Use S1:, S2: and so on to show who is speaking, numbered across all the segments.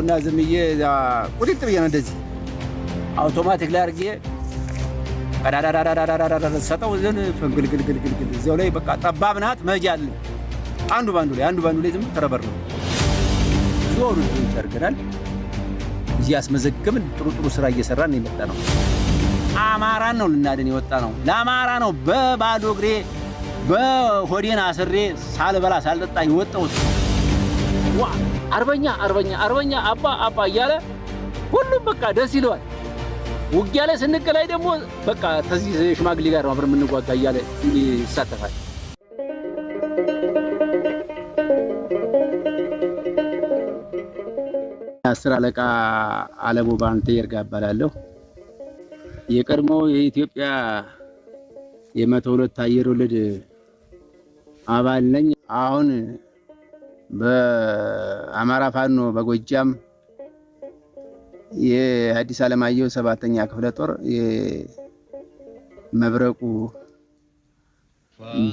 S1: አልኩና ዝም ብዬ ብዬ ነው እንደዚህ አውቶማቲክ ላይ አርጌ ሰጠው። እዚያው ላይ በቃ ጠባብ ናት አለ። አንዱ ባንዱ ላይ አንዱ ባንዱ ላይ ዝም ተረበር ነው ዞሩ ይጨርገናል። እዚህ ያስመዘገብን ጥሩ ጥሩ ስራ እየሰራን የመጣ ነው። አማራን ነው ልናድን የወጣ ነው። ለአማራ ነው በባዶ እግሬ በሆዴን አስሬ ሳልበላ ሳልጠጣ የወጣሁት ዋ አርበኛ አርበኛ አርበኛ አባ አባ እያለ ሁሉም በቃ ደስ ይለዋል። ውጊያ ላይ ስንገላይ ደግሞ በቃ ከዚህ ሽማግሌ ጋር ነው አብረን የምንዋጋ እያለ ይሳተፋል።
S2: አስር አለቃ አለሙ ባንቴ ይርጋ እባላለሁ። የቀድሞ የኢትዮጵያ የመቶ ሁለት አየር ወለድ አባል ነኝ አሁን በአማራ ፋኖ በጎጃም የሀዲስ ዓለማየሁ ሰባተኛ ክፍለ ጦር የመብረቁ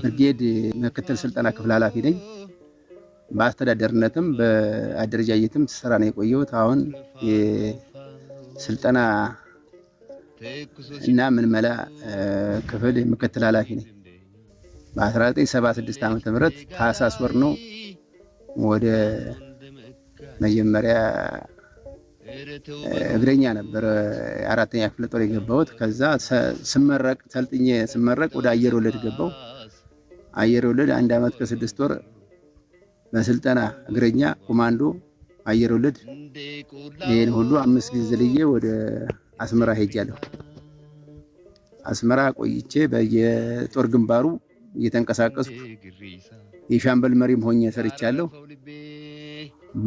S2: ብርጌድ ምክትል ስልጠና ክፍል ኃላፊ ነኝ። በአስተዳደርነትም በአደረጃጀትም ስራ ነው የቆየሁት። አሁን የስልጠና እና ምንመላ ክፍል ምክትል ኃላፊ ነኝ። በ1976 ዓ ም ታህሳስ ወር ነው ወደ መጀመሪያ እግረኛ ነበር አራተኛ ክፍለ ጦር የገባሁት። ከዛ ስመረቅ ሰልጥኜ ስመረቅ ወደ አየር ወለድ ገባው። አየር ወለድ አንድ ዓመት ከስድስት ወር በስልጠና እግረኛ ኮማንዶ አየር ወለድ ይህን ሁሉ አምስት ጊዜ ልዬ ወደ አስመራ ሄጃለሁ። አስመራ ቆይቼ በየጦር ግንባሩ እየተንቀሳቀስኩ የሻምበል መሪም ሆኜ ሰርቻለሁ።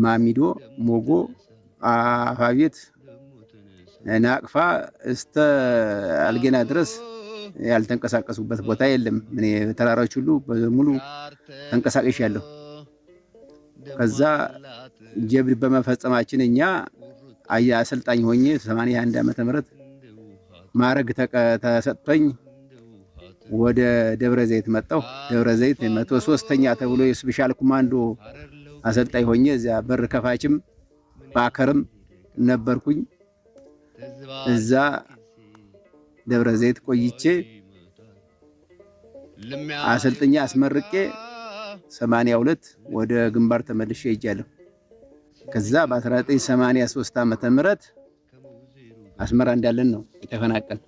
S2: ማሚዶ ሞጎ አፋቤት ናቅፋ እስተ አልጌና ድረስ ያልተንቀሳቀሱበት ቦታ የለም። እኔ ተራራዎች ሁሉ በሙሉ ተንቀሳቀሽ ያለሁ ከዛ ጀብድ በመፈጸማችን እኛ አሰልጣኝ ሆኜ 81 ዓመተ ምህረት ማዕረግ ተሰጥቶኝ ወደ ደብረ ዘይት መጣሁ። ደብረ ዘይት መቶ ሶስተኛ ተብሎ የስፔሻል ኮማንዶ አሰልጣኝ ሆኜ እዚያ በር ከፋችም ባከርም ነበርኩኝ። እዛ ደብረ ዘይት ቆይቼ አሰልጥኛ አስመርቄ 82 ወደ ግንባር ተመልሼ ሄጃለሁ። ከዛ በ1983 ዓመተ ምህረት አስመራ እንዳለን ነው የተፈናቀል።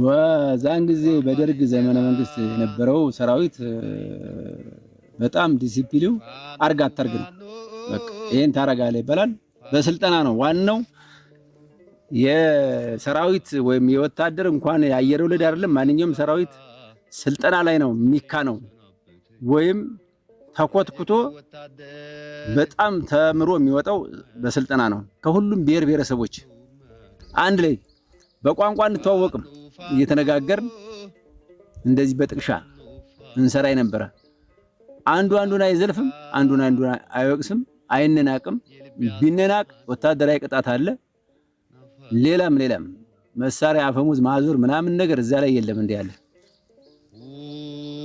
S2: በዛን ጊዜ በደርግ ዘመነ መንግስት የነበረው ሰራዊት በጣም ዲሲፕሊን አርግ አታርግ ነው። በቃ ይሄን ታረጋለህ ይባላል። በስልጠና ነው ዋናው። የሰራዊት ወይም የወታደር እንኳን የአየር ወለድ አይደለም፣ ማንኛውም ሰራዊት ስልጠና ላይ ነው ሚካ ነው ወይም ተኮትኩቶ በጣም ተምሮ የሚወጣው በስልጠና ነው። ከሁሉም ብሔር ብሔረሰቦች አንድ ላይ በቋንቋ እንተዋወቅም እየተነጋገርን እንደዚህ በጥቅሻ እንሰራ ነበረ። አንዱ አንዱን አይዘልፍም፣ አንዱን አንዱን አይወቅስም፣ አይነናቅም። ቢነናቅ ወታደራዊ ቅጣት አለ። ሌላም ሌላም መሳሪያ አፈሙዝ ማዞር ምናምን ነገር እዛ ላይ የለም። እንዲህ ያለ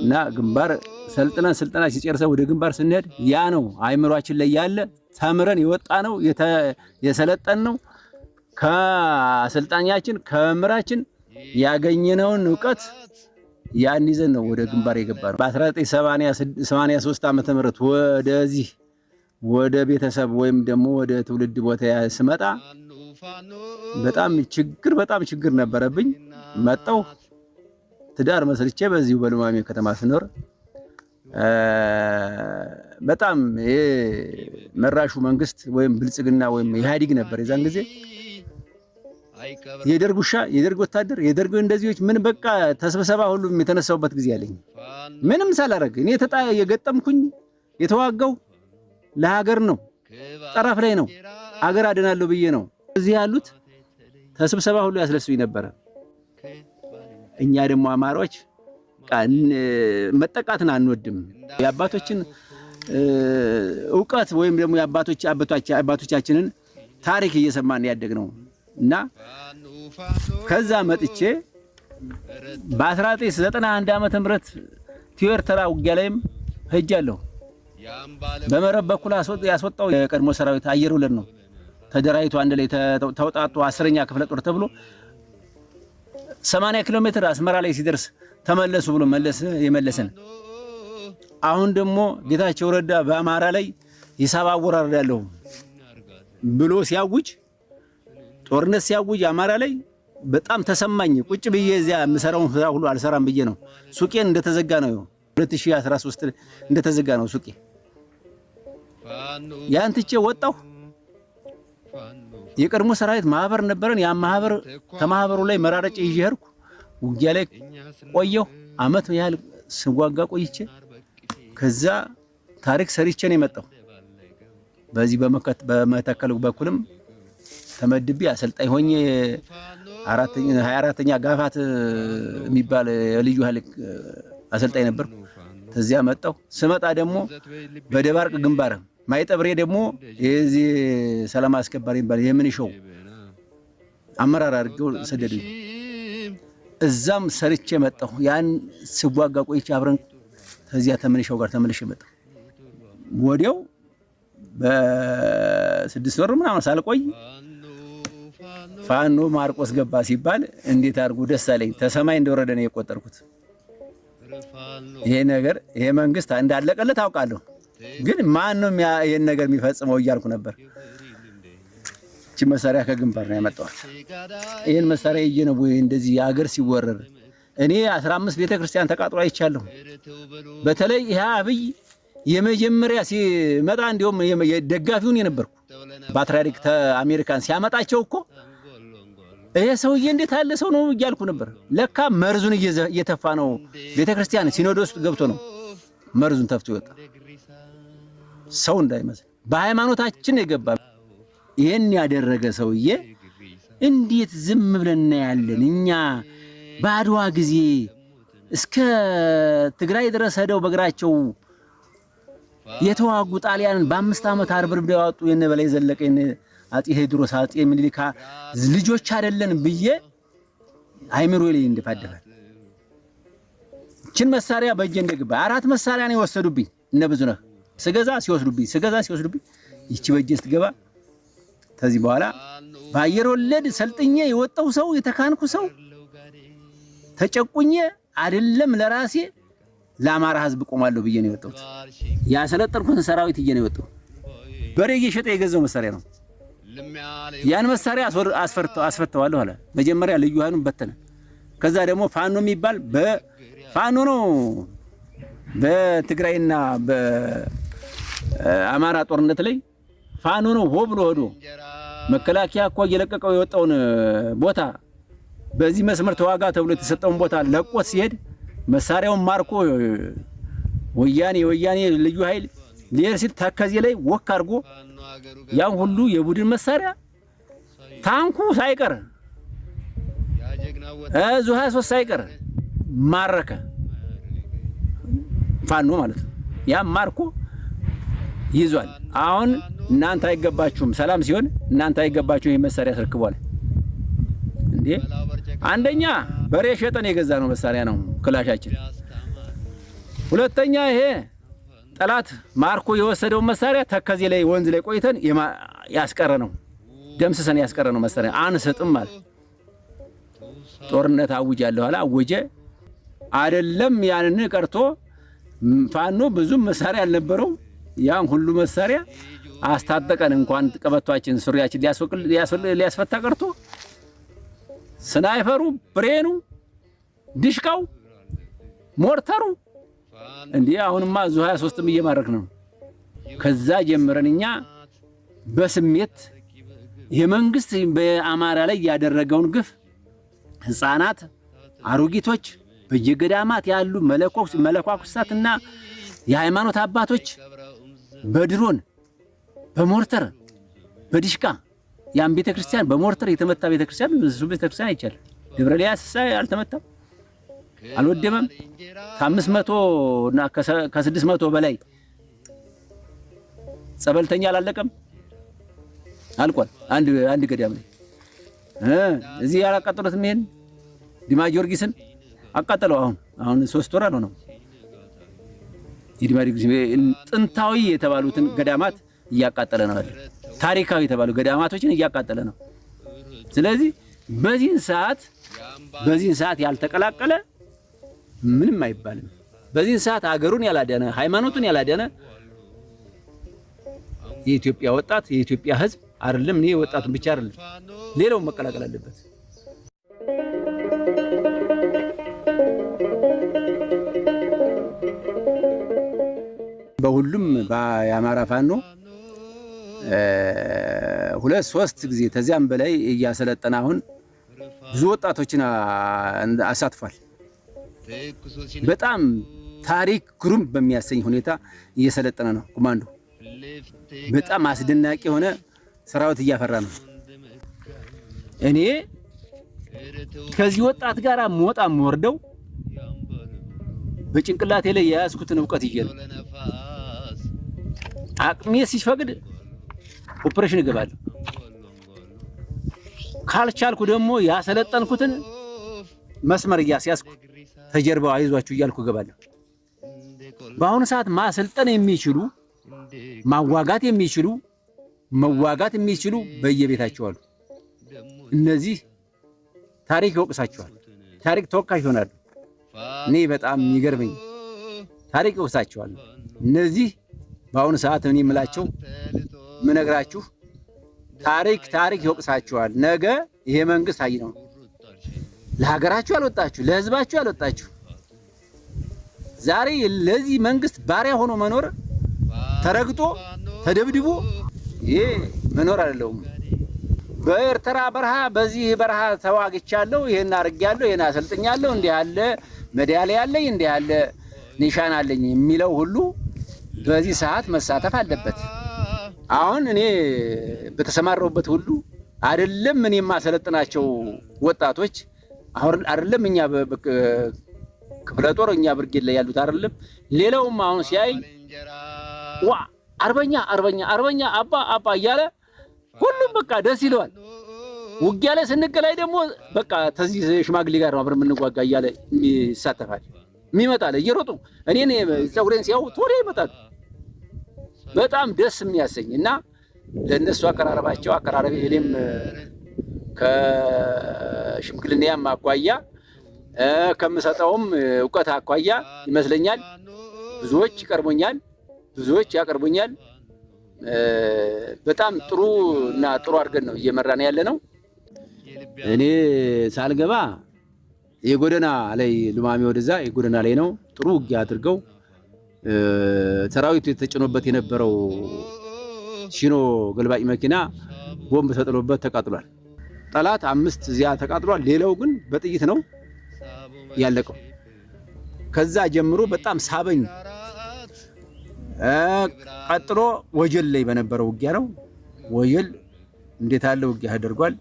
S2: እና ግንባር ሰልጥነን ስልጠና ሲጨርሰ ወደ ግንባር ስንሄድ ያ ነው አይምሯችን ላይ ያለ ተምረን የወጣ ነው የሰለጠን ነው ከአሰልጣኛችን ከምራችን ያገኘነውን እውቀት ያን ይዘን ነው ወደ ግንባር የገባ ነው። በ1983 ዓ ም ወደዚህ ወደ ቤተሰብ ወይም ደግሞ ወደ ትውልድ ቦታ ስመጣ በጣም ችግር በጣም ችግር ነበረብኝ። መጣሁ ትዳር መስርቼ በዚሁ በሉማሜ ከተማ ስኖር በጣም መራሹ መንግስት ወይም ብልጽግና ወይም ኢህአዲግ ነበር የዛን ጊዜ የደርግ ውሻ፣ የደርግ ወታደር፣ የደርግ እንደዚዎች ምን በቃ ተስብሰባ ሁሉም የተነሳውበት ጊዜ አለኝ። ምንም ሳላረግ እኔ ተጣ የገጠምኩኝ የተዋጋው ለሀገር ነው፣ ጠረፍ ላይ ነው፣ አገር አድናለሁ ብዬ ነው። እዚህ ያሉት ተስብሰባ ሁሉ ያስለሱኝ ነበረ። እኛ ደግሞ አማሮች መጠቃትን አንወድም። የአባቶችን እውቀት ወይም ደግሞ የአባቶቻችንን ታሪክ እየሰማን ያደግ ነው። እና ከዛ መጥቼ በ1991 ዓመተ ምህረት ተራ ውጊያ ላይም ሄጃለሁ። በመረብ በኩል ያስወጣው የቀድሞ ሰራዊት አየር ውለድ ነው። ተደራጅቶ አንድ ላይ ተውጣጡ አስረኛ ክፍለ ጦር ተብሎ 80 ኪሎ ሜትር አስመራ ላይ ሲደርስ ተመለሱ ብሎ መለስ የመለሰን። አሁን ደግሞ ጌታቸው ረዳ በአማራ ላይ ሂሳብ አወራርዳለሁ ብሎ ሲያውጅ ጦርነት ሲያውጅ አማራ ላይ በጣም ተሰማኝ። ቁጭ ብዬ እዚያ የምሰራውን ስራ ሁሉ አልሰራም ብዬ ነው ሱቄን እንደተዘጋ ነው 2013 እንደተዘጋ ነው ሱቄ። ያን ትቼ ወጣሁ። የቀድሞ ሰራዊት ማህበር ነበረን። ያ ማህበር ከማህበሩ ላይ መራረጭ ይዤ ሄድኩ። ውጊያ ላይ ቆየሁ። አመት ያህል ስጓጋ ቆይቼ ከዛ ታሪክ ሰሪቼ ነው የመጣሁ። በዚህ በመተከል በኩልም ተመድቤ አሰልጣኝ ሆኜ ሀያ አራተኛ ጋፋት የሚባል የልዩ ኃይል አሰልጣኝ ነበርኩ። ተዚያ መጣሁ። ስመጣ ደግሞ በደባርቅ ግንባር ማይጠብሬ ደግሞ የዚህ ሰላም አስከባሪ የሚባል የምንሸው አመራር አድርገው ሰደዱኝ። እዛም ሰርቼ መጣሁ። ያን ስዋጋ ቆይቼ አብረን ከዚያ ተምንሸው ጋር ተመልሼ መጣሁ። ወዲያው በስድስት ወር ምናምን ሳልቆይ ፋኖ ማርቆስ ገባ ሲባል እንዴት አድርጉ ደስ አለኝ። ተሰማይ እንደወረደ ነው የቆጠርኩት። ይሄ ነገር ይሄ መንግስት እንዳለቀለት አውቃለሁ፣ ግን ማን ነው ይሄን ነገር የሚፈጽመው እያልኩ ነበር። እቺ መሳሪያ ከግንባር ነው ያመጣኋት። ይሄን መሳሪያ ይዤ ነው ወይ እንደዚህ የአገር ሲወረር እኔ 15 ቤተ ክርስቲያን ተቃጥሎ አይቻለሁ። በተለይ ይሄ አብይ የመጀመሪያ ሲመጣ እንዲሁም ደጋፊውን የነበርኩ ፓትርያርክ አሜሪካን ሲያመጣቸው እኮ ይሄ ሰውዬ እንዴት ያለ ሰው ነው እያልኩ ነበር። ለካ መርዙን እየተፋ ነው። ቤተክርስቲያን ሲኖዶስ ገብቶ ነው መርዙን ተፍቶ ይወጣ ሰው እንዳይመስል በሃይማኖታችን የገባ ይህን ያደረገ ሰውዬ እንዴት ዝም ብለን እናያለን? እኛ በአድዋ ጊዜ እስከ ትግራይ ድረስ ሄደው በእግራቸው የተዋጉ ጣሊያንን በአምስት ዓመት አርበድብደው ያወጡ የነ በላይ ዘለቀ አጼ ቴዎድሮስ አጼ ምኒልክ ልጆች አይደለን ብዬ አይምሮ ላይ እንድፋደፋል እችን መሳሪያ በእጄ እንደግባ አራት መሳሪያ ነው የወሰዱብኝ። እነ ብዙ ነህ ስገዛ ሲወስዱብኝ ስገዛ ሲወስዱብኝ ይቺ በእጄ ስትገባ ከዚህ በኋላ በአየር ወለድ ሰልጥኜ የወጣው ሰው የተካንኩ ሰው ተጨቁኜ አይደለም ለራሴ ለአማራ ሕዝብ ቆማለሁ ብዬ ነው የወጣሁት። ያሰለጠንኩትን ሰራዊት እዬ ነው የወጣሁት። በሬ እየሸጠ የገዛው መሳሪያ ነው። ያን መሳሪያ አስፈተዋለሁ አለ። መጀመሪያ ልዩ ኃይሉን በተነ። ከዛ ደግሞ ፋኖ የሚባል በፋኖ ነው በትግራይና በአማራ ጦርነት ላይ ፋኖ ነው ሆ ብሎ ሄዶ መከላከያ እኮ እየለቀቀው የወጣውን ቦታ በዚህ መስመር ተዋጋ ተብሎ የተሰጠውን ቦታ ለቆ ሲሄድ መሳሪያውን ማርኮ ወያኔ ወያኔ ልዩ ኃይል ሊሄድ ሲል ተከዜ ላይ ወክ አድርጎ ያን ሁሉ የቡድን መሳሪያ ታንኩ ሳይቀር እዙ 23 ሳይቀር ማረከ። ፋኖ ማለት ነው። ያም ማርኮ ይዟል። አሁን እናንተ አይገባችሁም፣ ሰላም ሲሆን እናንተ አይገባችሁም፣ ይህ መሳሪያ አስረክቧል። እንዴ አንደኛ በሬ ሸጠን የገዛ ነው መሳሪያ ነው ክላሻችን። ሁለተኛ ይሄ ጠላት ማርኮ የወሰደውን መሳሪያ ተከዜ ላይ ወንዝ ላይ ቆይተን ያስቀረ ነው፣ ደምስሰን ያስቀረ ነው መሳሪያ አንሰጥም ማለት ጦርነት አውጅ ያለ ኋላ አወጀ አይደለም። ያንን ቀርቶ ፋኖ ብዙም መሳሪያ አልነበረው። ያን ሁሉ መሳሪያ አስታጠቀን። እንኳን ቀበቷችን ሱሪያችን ሊያስፈታ ቀርቶ ስናይፈሩ፣ ብሬኑ፣ ድሽቃው፣ ሞርተሩ እንዲህ አሁንማ እዙ 23ም እየማረክ ነው። ከዛ ጀምረን እኛ በስሜት የመንግስት በአማራ ላይ ያደረገውን ግፍ ህፃናት፣ አሮጊቶች፣ በየገዳማት ያሉ መለኳኩሳትና የሃይማኖት አባቶች በድሮን በሞርተር በዲሽቃ ያን ቤተክርስቲያን በሞርተር የተመታ ቤተክርስቲያን እሱ ቤተክርስቲያን አይቻልም። ደብረ ኤልያስ አልተመታም። አልወደመም። ከአምስት መቶ እና ከስድስት መቶ በላይ ጸበልተኛ አላለቀም፣ አልቋል። አንድ አንድ ገዳም ላይ እዚህ ያላቃጠሉትም ይሄን ዲማ ጊዮርጊስን አቃጠለው። አሁን አሁን ሶስት ወር አልሆነው የዲማ ጊዮርጊስ ጥንታዊ የተባሉትን ገዳማት እያቃጠለ ነው አይደል? ታሪካዊ የተባሉ ገዳማቶችን እያቃጠለ ነው። ስለዚህ በዚህን ሰዓት በዚህን ሰዓት ያልተቀላቀለ ምንም አይባልም። በዚህን ሰዓት አገሩን ያላደነ ሃይማኖቱን ያላዳነ የኢትዮጵያ ወጣት የኢትዮጵያ ሕዝብ አይደለም። እኔ ወጣቱን ብቻ አይደለም ሌላውን መቀላቀል አለበት። በሁሉም የአማራ ፋኖ ሁለት ሶስት ጊዜ ተዚያም በላይ እያሰለጠነ አሁን ብዙ ወጣቶችን አሳትፏል። በጣም ታሪክ ግሩም በሚያሰኝ ሁኔታ እየሰለጠነ ነው። ኮማንዶ በጣም አስደናቂ የሆነ ሰራዊት እያፈራ ነው። እኔ ከዚህ ወጣት ጋር መወጣ ወርደው በጭንቅላቴ ላይ የያዝኩትን እውቀት ይዤ ነው። አቅሜ ሲፈቅድ ኦፕሬሽን እገባለሁ። ካልቻልኩ ደግሞ ያሰለጠንኩትን መስመር እያስያዝኩ ተጀርባው አይዟችሁ እያልኩ እገባለሁ። በአሁኑ ሰዓት ማሰልጠን የሚችሉ ማዋጋት የሚችሉ መዋጋት የሚችሉ በየቤታቸው አሉ። እነዚህ ታሪክ ይወቅሳቸዋል። ታሪክ ተወቃሽ ይሆናሉ። እኔ በጣም የሚገርመኝ ታሪክ ይወቅሳቸዋል። እነዚህ በአሁኑ ሰዓት እኔ የምላቸው ምነግራችሁ ታሪክ ታሪክ ይወቅሳቸዋል። ነገ ይሄ መንግስት አይ ነው ለሀገራችሁ ያልወጣችሁ፣ ለህዝባችሁ ያልወጣችሁ ዛሬ ለዚህ መንግስት ባሪያ ሆኖ መኖር ተረግጦ ተደብድቦ ይሄ መኖር አይደለውም። በኤርትራ በረሃ በዚህ በረሃ ተዋግቻለሁ፣ ይሄን አድርጌያለሁ፣ ይሄን አሰልጥኛለሁ፣ እንዲህ ያለ ሜዳሊያ አለኝ፣ እንዲህ ያለ ኒሻን አለኝ የሚለው ሁሉ በዚህ ሰዓት መሳተፍ አለበት። አሁን እኔ በተሰማረውበት ሁሉ አይደለም እኔ የማሰለጥናቸው ወጣቶች አሁን አይደለም እኛ ክፍለ ጦር እኛ ብርጌድ ላይ ያሉት አይደለም ሌላውም አሁን ሲያይ ዋ አርበኛ አርበኛ አርበኛ አባ አባ እያለ ሁሉም በቃ ደስ ይለዋል። ውጊያ ላይ ስንገላይ ደግሞ በቃ ተዚህ ሽማግሌ ጋር ነው አብረን የምንዋጋ እያለ ይሳተፋል። የሚመጣል እየሮጡ እኔ ፀጉሬን ሲያው ቶሎ ይመጣል። በጣም ደስ የሚያሰኝ እና ለእነሱ አቀራረባቸው አቀራረቤ እኔም ከሽምግልናም አኳያ ከምሰጠውም እውቀት አኳያ ይመስለኛል ብዙዎች ይቀርቡኛል፣ ብዙዎች ያቀርቡኛል። በጣም ጥሩ እና ጥሩ አድርገን ነው እየመራን ያለ ነው። እኔ ሳልገባ የጎዳና ላይ ሉማሜ ወደዛ የጎዳና ላይ ነው። ጥሩ ውጊያ አድርገው ሰራዊቱ የተጭኖበት የነበረው ሺኖ ገልባጭ መኪና ቦምብ ተጥሎበት ተቃጥሏል። ጠላት አምስት እዚያ ተቃጥሏል። ሌላው ግን በጥይት ነው ያለቀው። ከዛ ጀምሮ በጣም ሳበኝ። ቀጥሎ ወጀል ላይ በነበረው ውጊያ ነው። ወጀል እንዴት ያለ ውጊያ ተደርጓል።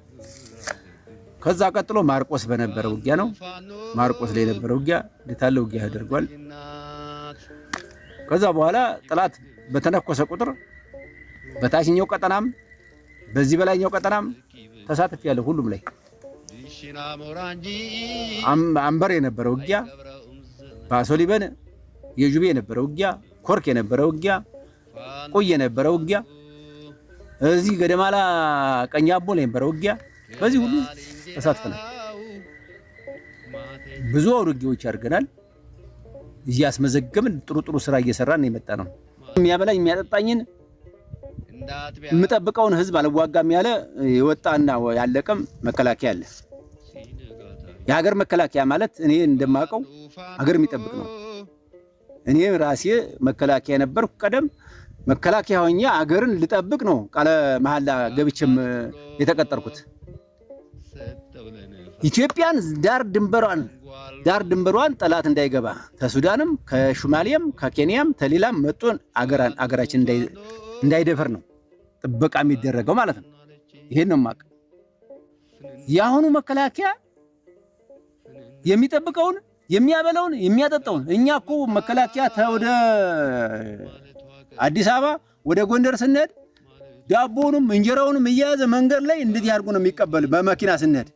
S2: ከዛ ቀጥሎ ማርቆስ በነበረው ውጊያ ነው። ማርቆስ ላይ የነበረው ውጊያ እንዴት ያለ ውጊያ ያደርጓል። ከዛ በኋላ ጠላት በተነኮሰ ቁጥር በታችኛው ቀጠናም በዚህ በላይኛው ቀጠናም ተሳትፍ ያለ ሁሉም ላይ አንበር የነበረው ውጊያ፣ ባሶሊበን የጁቤ የነበረው ውጊያ፣ ኮርክ የነበረው ውጊያ፣ ቁይ የነበረው ውጊያ፣ እዚህ ገደማላ ቀኝ አቦ ላይ የነበረው ውጊያ፣ በዚህ ሁሉ ተሳትፈናል። ብዙ አውድጊዎች አድርገናል። እያስመዘገብን ጥሩ ጥሩ ስራ እየሰራን የመጣ ነው። የሚያበላኝ የሚያጠጣኝን የምጠብቀውን ህዝብ አልዋጋም ያለ የወጣና ያለቀም መከላከያ አለ። የሀገር መከላከያ ማለት እኔ እንደማውቀው ሀገር የሚጠብቅ ነው። እኔ ራሴ መከላከያ የነበር ቀደም መከላከያ ሆኜ አገርን ልጠብቅ ነው ቃለ መሐላ ገብቼም የተቀጠርኩት። ኢትዮጵያን ዳር ድንበሯን ዳር ድንበሯን ጠላት እንዳይገባ ከሱዳንም ከሹማሌም ከኬንያም ከሌላም መጡን አገራችን እንዳይደፈር ነው። ጥበቃ የሚደረገው ማለት ነው። ይሄን ነው የማውቅ። የአሁኑ መከላከያ የሚጠብቀውን የሚያበላውን የሚያጠጣውን። እኛ እኮ መከላከያ ወደ አዲስ አበባ ወደ ጎንደር ስንሄድ ዳቦውንም እንጀራውንም እየያዘ መንገድ ላይ እንዴት ያርጉ ነው የሚቀበል? በመኪና ስንሄድ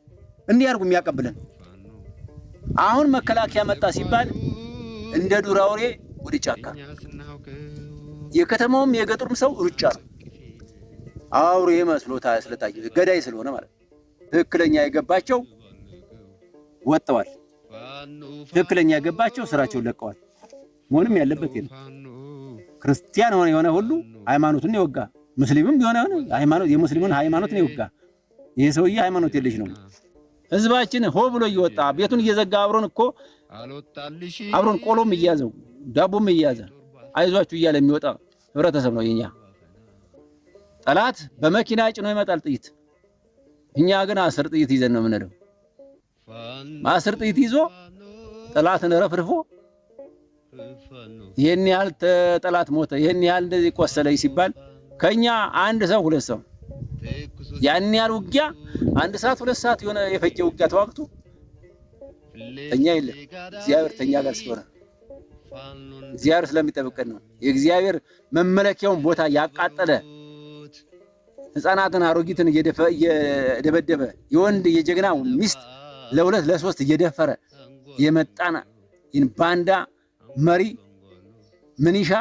S2: እንዲህ ያርጉ የሚያቀብለን። አሁን መከላከያ መጣ ሲባል እንደ ዱር አውሬ ወደ ጫካ የከተማውም የገጠሩም ሰው ሩጫ ነው። አውሬ መስሎታ ስለታየ ገዳይ ስለሆነ ማለት ነው። ትክክለኛ የገባቸው ወጥተዋል። ትክክለኛ የገባቸው ስራቸውን ለቀዋል። መሆንም ያለበት የለም። ክርስቲያን ሆነ የሆነ ሁሉ ሃይማኖቱን ይወጋ፣ ሙስሊምም የሆነ ሃይማኖት የሙስሊሙን ሃይማኖትን ይወጋ። ይሄ ሰውዬ ሃይማኖት የለሽ ነው። ህዝባችን ሆ ብሎ እየወጣ ቤቱን እየዘጋ አብሮን እኮ አብሮን ቆሎም እያዘው ዳቦም እያዘ አይዟችሁ እያለ የሚወጣ ህብረተሰብ ነው የኛ። ጠላት በመኪና ጭኖ ይመጣል ጥይት። እኛ ግን አስር ጥይት ይዘን ነው የምንሄደው። አስር ጥይት ይዞ ጠላትን ረፍርፎ ይህን ያህል ጠላት ሞተ፣ ይህን ያህል እንደዚህ ቆሰለ ሲባል ከኛ አንድ ሰው ሁለት ሰው ያን ያህል ውጊያ አንድ ሰዓት ሁለት ሰዓት የሆነ የፈጀ ውጊያ ተዋግቶ እኛ የለም። እግዚአብሔር ተኛ ጋር ስለሆነ እግዚአብሔር ስለሚጠብቀን ነው። የእግዚአብሔር መመለኪያውን ቦታ ያቃጠለ ህፃናትን አሮጊትን እየደበደበ የወንድ የጀግና ሚስት ለሁለት ለሶስት እየደፈረ የመጣን ባንዳ መሪ ምንሻ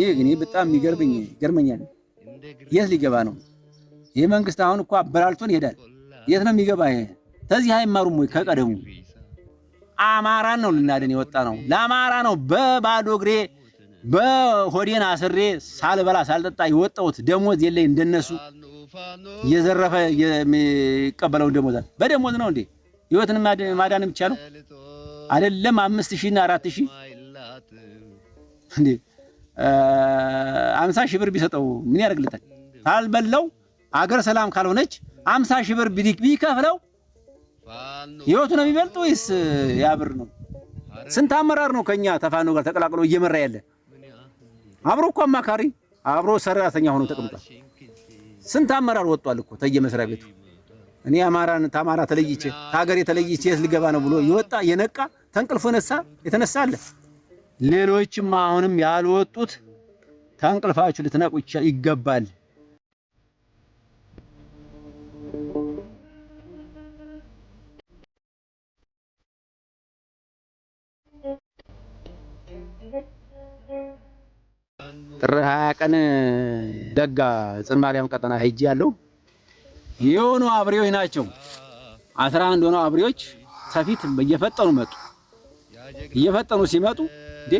S2: ይህ እኔ በጣም የሚገርምኝ ይገርመኛል። የት ሊገባ ነው ይህ መንግስት? አሁን እኮ አበላልቶን ይሄዳል። የት ነው የሚገባ ይሄ? ከዚህ አይማሩም ወይ? ከቀደሙ አማራን ነው ልናድን የወጣ ነው። ለአማራ ነው በባዶ እግሬ በሆዴን አስሬ ሳልበላ ሳልጠጣ የወጣሁት ደሞዝ የለኝ። እንደነሱ እየዘረፈ የሚቀበለውን ደሞዝ በደሞዝ ነው እንዴ ህይወትን ማዳን የሚቻለው? አይደለም አምስት ሺህ እና አራት ሺህ እንዴ አምሳ ሺህ ብር ቢሰጠው ምን ያደርግለታል? ካልበላው አገር ሰላም ካልሆነች አምሳ ሺህ ብር ቢከፍለው ህይወቱ ነው የሚበልጥ ወይስ ያብር ብር ነው? ስንት አመራር ነው ከኛ ተፋኖ ጋር ተቀላቅሎ እየመራ ያለ? አብሮ እኮ አማካሪ አብሮ ሰራተኛ ሆኖ ተቀምጧል። ስንት አመራር ወጧል እኮ ተየመስሪያ ቤቱ። እኔ አማራን ታማራ ተለይቼ ታገሬ የተለይቼ የት ልገባ ነው ብሎ የወጣ የነቃ ተንቅልፎ ነሳ የተነሳ አለ። ሌሎችም አሁንም ያልወጡት ተንቅልፋችሁ ልትነቁ ይገባል። ጥር 20 ቀን ደጋ ጽን ማርያም ቀጠና ሄጂ ያለው የሆኑ አብሬዎች ናቸው። 11 አንድ ሆነው አብሬዎች ሰፊት እየፈጠኑ መጡ። እየፈጠኑ ሲመጡ እንዴ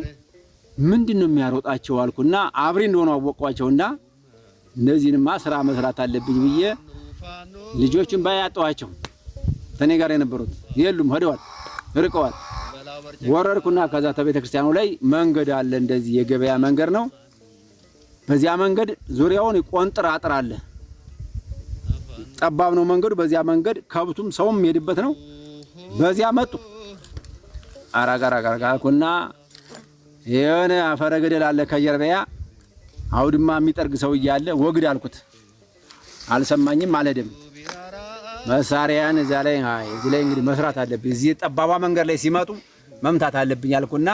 S2: ምንድን ነው የሚያሮጣቸው አልኩና አብሬ እንደሆነ አወቋቸውና እነዚህንማ ስራ መስራት አለብኝ ብዬ ልጆቹን ባያጠዋቸው ተኔ ጋር የነበሩት የሉም፣ ሄደዋል፣ ርቀዋል። ወረድኩና ከዛ ተቤተ ክርስቲያኑ ላይ መንገድ አለ፣ እንደዚህ የገበያ መንገድ ነው። በዚያ መንገድ ዙሪያውን ቆንጥር አጥር አለ። ጠባብ ነው መንገዱ። በዚያ መንገድ ከብቱም ሰውም የሚሄድበት ነው። በዚያ መጡ። አራጋራጋርጋልኩና የሆነ አፈረ ገደል አለ ከጀርበያ አውድማ የሚጠርግ ሰው እያለ ወግድ አልኩት። አልሰማኝም። አልሄድም መሳሪያን እዚያ ላይ እዚህ ላይ እንግዲህ መስራት አለብኝ። እዚህ ጠባቧ መንገድ ላይ ሲመጡ መምታት አለብኝ አልኩና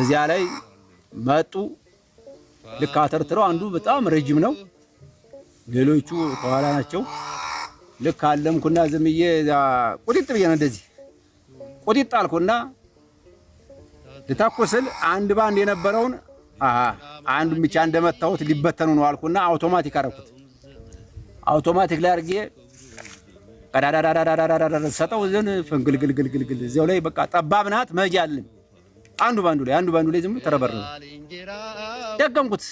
S2: እዚያ ላይ መጡ። ልክ አተርትረው አንዱ በጣም ረጅም ነው፣ ሌሎቹ ከኋላ ናቸው። ልክ አለምኩና ዝም ብዬ ቁጢጥ ብዬ ነው እንደዚህ ቁጢጥ አልኩና ልተኩስል አንድ ባንድ የነበረውን አንዱን ብቻ እንደመታሁት ሊበተኑ ነው አልኩና አውቶማቲክ አረኩት። አውቶማቲክ ላይ ቀዳዳዳዳዳዳዳዳ ሰጠው ዘን እዚያው ላይ በቃ ጠባብ ናት መጃልን አንዱ ባንዱ ላይ አንዱ ባንዱ ላይ ዝም ተረበር ነው ደገምኩት።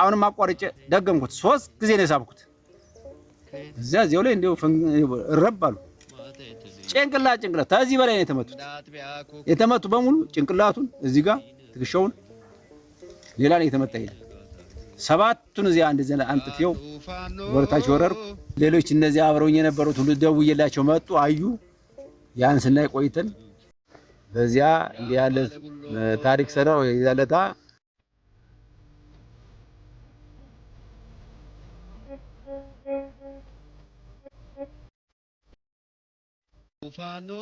S2: አሁንም አቋርጬ ደገምኩት። ሶስት ጊዜ ነው የሳብኩት። እዚያ እዚያው ላይ እንደው ረብ አሉ። ጭንቅላት ጭንቅላት ከዚህ በላይ ነው የተመቱት። የተመቱ በሙሉ ጭንቅላቱን እዚህ ጋር ሌላ ላይ የተመታ ሰባቱን እዚያ አንድ ዘና አንጥፌው ወርታች ወረርኩ። ሌሎች እነዚህ አብረውኝ የነበሩት ሁሉ ደውዬላቸው መጡ፣ አዩ። ያን ስናይ ቆይተን በዚያ እንዲህ ያለ ታሪክ ሰራው ይዛለታ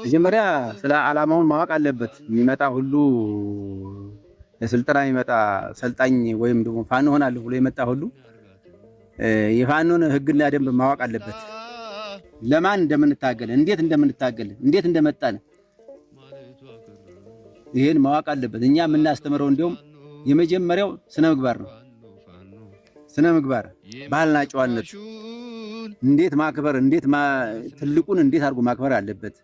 S2: መጀመሪያ ስለ ዓላማውን ማወቅ አለበት። የሚመጣ ሁሉ ለስልጠና የሚመጣ ሰልጣኝ ወይም ደግሞ ፋኖ ሆናለሁ ብሎ የመጣ ሁሉ የፋኖን ህግና ደንብ ማወቅ አለበት። ለማን እንደምንታገል፣ እንዴት እንደምንታገል፣ እንዴት እንደመጣን ይህን ማወቅ አለበት። እኛ የምናስተምረው እንዲሁም የመጀመሪያው ስነ ምግባር ነው። ስነ ምግባር ባህልና ጨዋነት፣ እንዴት ማክበር፣ እንዴት ትልቁን እንዴት አድርጎ ማክበር አለበት፣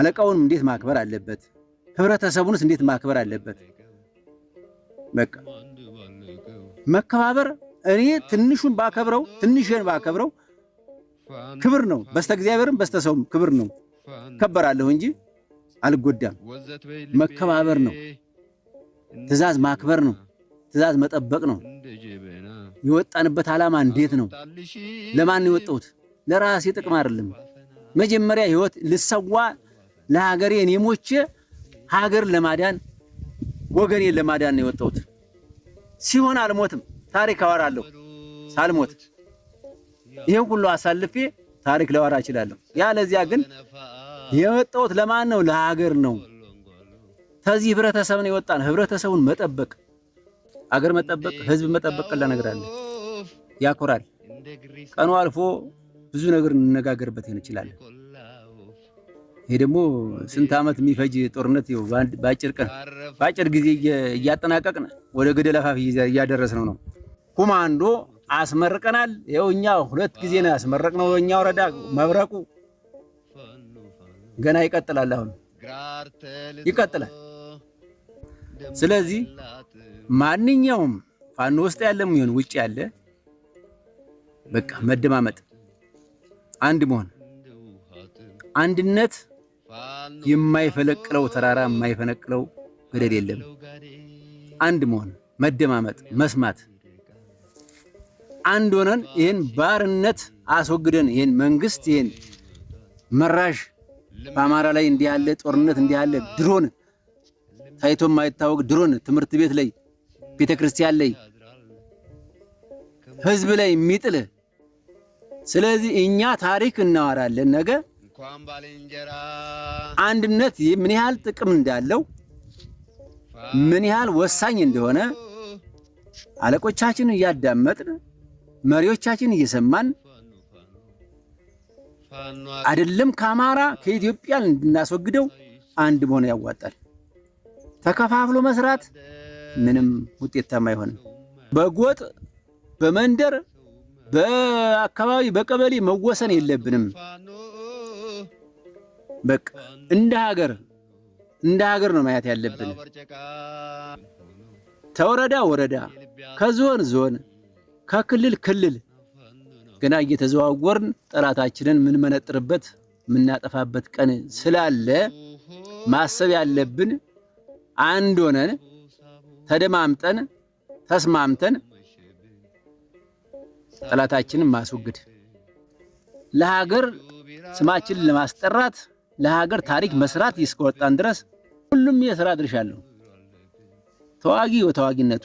S2: አለቃውንም እንዴት ማክበር አለበት፣ ህብረተሰቡንስ እንዴት ማክበር አለበት መከባበር እኔ ትንሹን ባከብረው ትንሽን ባከብረው ክብር ነው። በስተ እግዚአብሔርም በስተ ሰውም ክብር ነው። ከበራለሁ እንጂ አልጎዳም። መከባበር ነው። ትዛዝ ማክበር ነው። ትዛዝ መጠበቅ ነው። የወጣንበት ዓላማ እንዴት ነው? ለማን የወጣሁት? ለራሴ ጥቅም አይደለም። መጀመሪያ ህይወት ልሰዋ ለሀገሬ እኔ ሞቼ ሀገር ለማዳን ወገኔን ለማዳን ነው የወጣሁት። ሲሆን አልሞትም፣ ታሪክ አወራለሁ ሳልሞት። ይህን ሁሉ አሳልፌ ታሪክ ላወራ እችላለሁ። ያለዚያ ግን የወጣሁት ለማን ነው? ለሀገር ነው። ከዚህ ህብረተሰብ ነው የወጣን። ህብረተሰቡን መጠበቅ፣ አገር መጠበቅ፣ ህዝብ መጠበቅ ቀላል ነገር አለ። ያኮራል። ቀኑ አልፎ ብዙ ነገር እንነጋገርበት እንችላለን። ይሄ ደግሞ ስንት ዓመት የሚፈጅ ጦርነት በአጭር ቀን በአጭር ጊዜ እያጠናቀቅን ወደ ገደል አፋፍ እያደረስነው ነው። ኮማንዶ አስመርቀናል። ይኸው እኛ ሁለት ጊዜ ነው ያስመረቅነው። እኛ ወረዳ መብረቁ ገና ይቀጥላል። አሁን ይቀጥላል። ስለዚህ ማንኛውም ፋኖ ውስጥ ያለም ይሁን ውጭ ያለ በቃ መደማመጥ፣ አንድ መሆን አንድነት የማይፈለቅለው ተራራ የማይፈነቅለው ገደል የለም። አንድ መሆን፣ መደማመጥ፣ መስማት፣ አንድ ሆነን ይህን ባርነት አስወግደን ይህን መንግስት ይህን መራሽ በአማራ ላይ እንዲህ ያለ ጦርነት እንዲህ ያለ ድሮን ታይቶ የማይታወቅ ድሮን ትምህርት ቤት ላይ ቤተ ክርስቲያን ላይ ህዝብ ላይ የሚጥል ስለዚህ እኛ ታሪክ እናወራለን ነገ አንድነት ምን ያህል ጥቅም እንዳለው ምን ያህል ወሳኝ እንደሆነ አለቆቻችን እያዳመጥን መሪዎቻችን እየሰማን አይደለም ከአማራ ከኢትዮጵያ እንድናስወግደው አንድ መሆን ያዋጣል። ተከፋፍሎ መስራት ምንም ውጤታማ አይሆንም። በጎጥ በመንደር በአካባቢ በቀበሌ መወሰን የለብንም። በቃ እንደ ሀገር እንደ ሀገር ነው ማየት ያለብን። ተወረዳ ወረዳ፣ ከዞን ዞን፣ ከክልል ክልል ገና እየተዘዋወርን ጠላታችንን የምንመነጥርበት የምናጠፋበት ቀን ስላለ ማሰብ ያለብን አንድ ሆነን ተደማምጠን ተስማምተን ጠላታችንን ማስወግድ ለሀገር ስማችንን ለማስጠራት ለሀገር ታሪክ መስራት እስከወጣን ድረስ ሁሉም የስራ ድርሻ አለው። ተዋጊ በተዋጊነቱ፣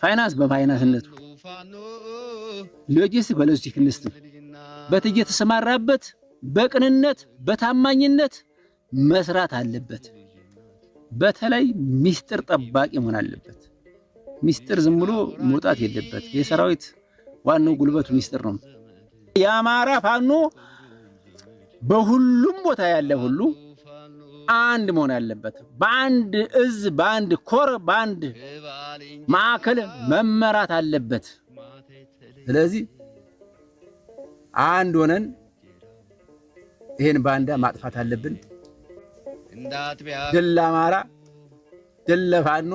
S2: ፋይናንስ በፋይናንስነቱ፣ ሎጂስቲክ በሎጂስቲክነቱ በትጅ የተሰማራበት በቅንነት በታማኝነት መስራት አለበት። በተለይ ሚስጥር ጠባቂ መሆን አለበት። ሚስጥር ዝም ብሎ መውጣት የለበት። የሰራዊት ዋናው ጉልበቱ ሚስጥር ነው። የአማራ ፋኖ በሁሉም ቦታ ያለ ሁሉ አንድ መሆን ያለበት በአንድ እዝ፣ በአንድ ኮር፣ በአንድ ማዕከል መመራት አለበት። ስለዚህ አንድ ሆነን ይህን ባንዳ ማጥፋት አለብን። ድል አማራ፣ ድል ለፋኖ